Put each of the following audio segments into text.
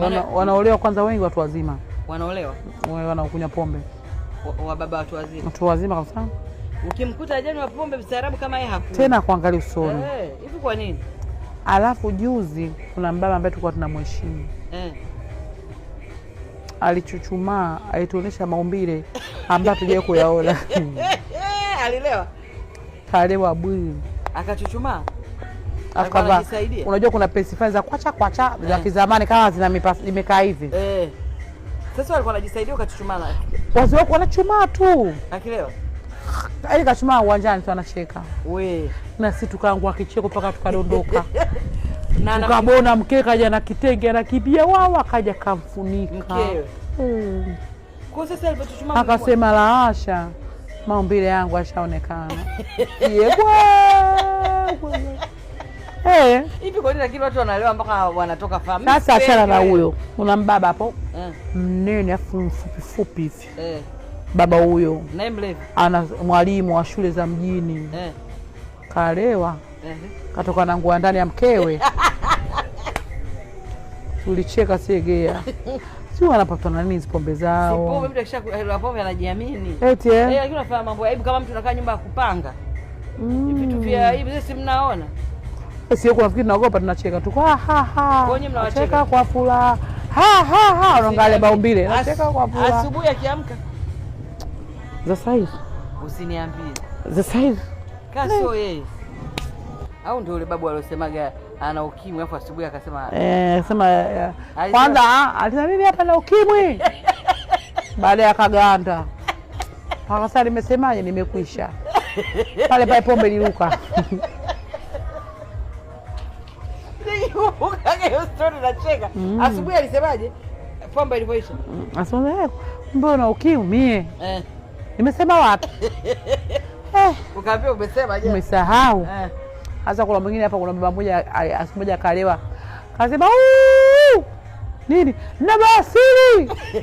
wana, wanaolewa kwanza wengi watu wazima wanaolewa wanaokunywa pombe wa baba watu wazima watu wazima kabisa ukimkuta ajani wa pombe mstaarabu kama yeye hakuna tena kuangalia usoni eh, hivi kwa nini alafu juzi kuna mbaba ambaye tulikuwa tunamheshimu eh alichuchumaa alituonyesha maumbile ambayo hatujawahi kuyaona alilewa kalewa bwili akachuchumaa afu kwamba unajua kuna pesi fulani za kwacha kwacha za eh. kizamani kama zina imekaa hivi eh. Sasa walikuwa wanajisaidia ukachuchumaa wazee wako wanachumaa tu akilewa ile yaani kachumaa uwanjani tu anacheka we na sisi tukaangua kicheko mpaka tukadondoka tukabona mkewe kaja na kitenge anakibia wawa kaja kamfunika hmm. akasema hasha, maumbile yangu ashaonekana yegwa Eh. hivi kwa nini? Lakini watu wanalewa mpaka wanatoka farm. Sasa achana na huyo, kuna mbaba hapo eh. mnene afu mfupifupi hivi eh. baba huyo naye mlevi, ana mwalimu wa shule za mjini eh. Kalewa eh. Katoka na nguo ndani ya mkewe tulicheka segea, si wanapatwa na nini? Hizo pombe zao, pombe anajiamini eti eh, lakini unafanya mambo ya aibu kama mtu anakaa nyumba ya kupanga mm. vitu vya hivi, sisi mnaona sio, kuna fikiri naogopa, tunacheka tu ha ha ha, Kwenye mnawacheka kwa furaha ha ha ha, unaangalia baumbile, Nacheka kwa furaha. Asubuhi akiamka Za size. usiniambie Za size. Kaso yeye au ndio yule babu aliosemaga ana ukimwi afu asubuhi akasema eh, sema eh, kwanza ah, alisema mimi hapa na ukimwi, baada ya kaganda akasa nimesemaje, nimekwisha pale pale pombe liruka ukaangalia hiyo story nacheka. Mm. Asubuhi alisemaje? ilivyoisha. eh, mbona ukiumie? Eh. Nimesema wapi? eh. Ukaambia umesema je? Umesahau. Eh. Sasa kuna mwingine hapa, kuna baba mmoja asiku moja akalewa. Kasema nini? Na basiri.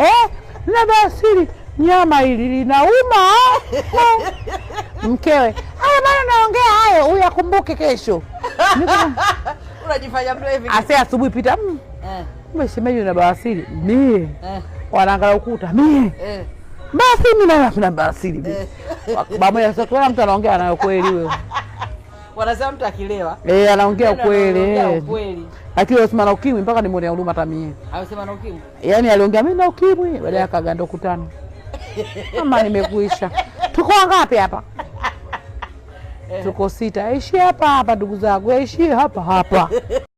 eh, na basiri nyama hili linauma. Mkewe, haya bana, naongea hayo, akumbuke kesho. unajifanya brave ase asubuhi pita mm. eh. Meshemeji una bawasiri mie eh. Wanaangalia ukuta mie eh. Basi mimi naona kuna bawasiri eh. Bamoja sasa tuona mtu anaongea nayo kweli wewe wanasema mtu akilewa eh, anaongea kweli, lakini alisema na ukimwi mpaka nimonea huruma hata mie. Alisema na ukimwi, yaani aliongea mimi na ukimwi, baadaye akaganda kutani Mama, nimekuisha. Tuko wangapi hapa? tuko sita, aishie hapa hapa, ndugu zangu, aishie hapa hapa.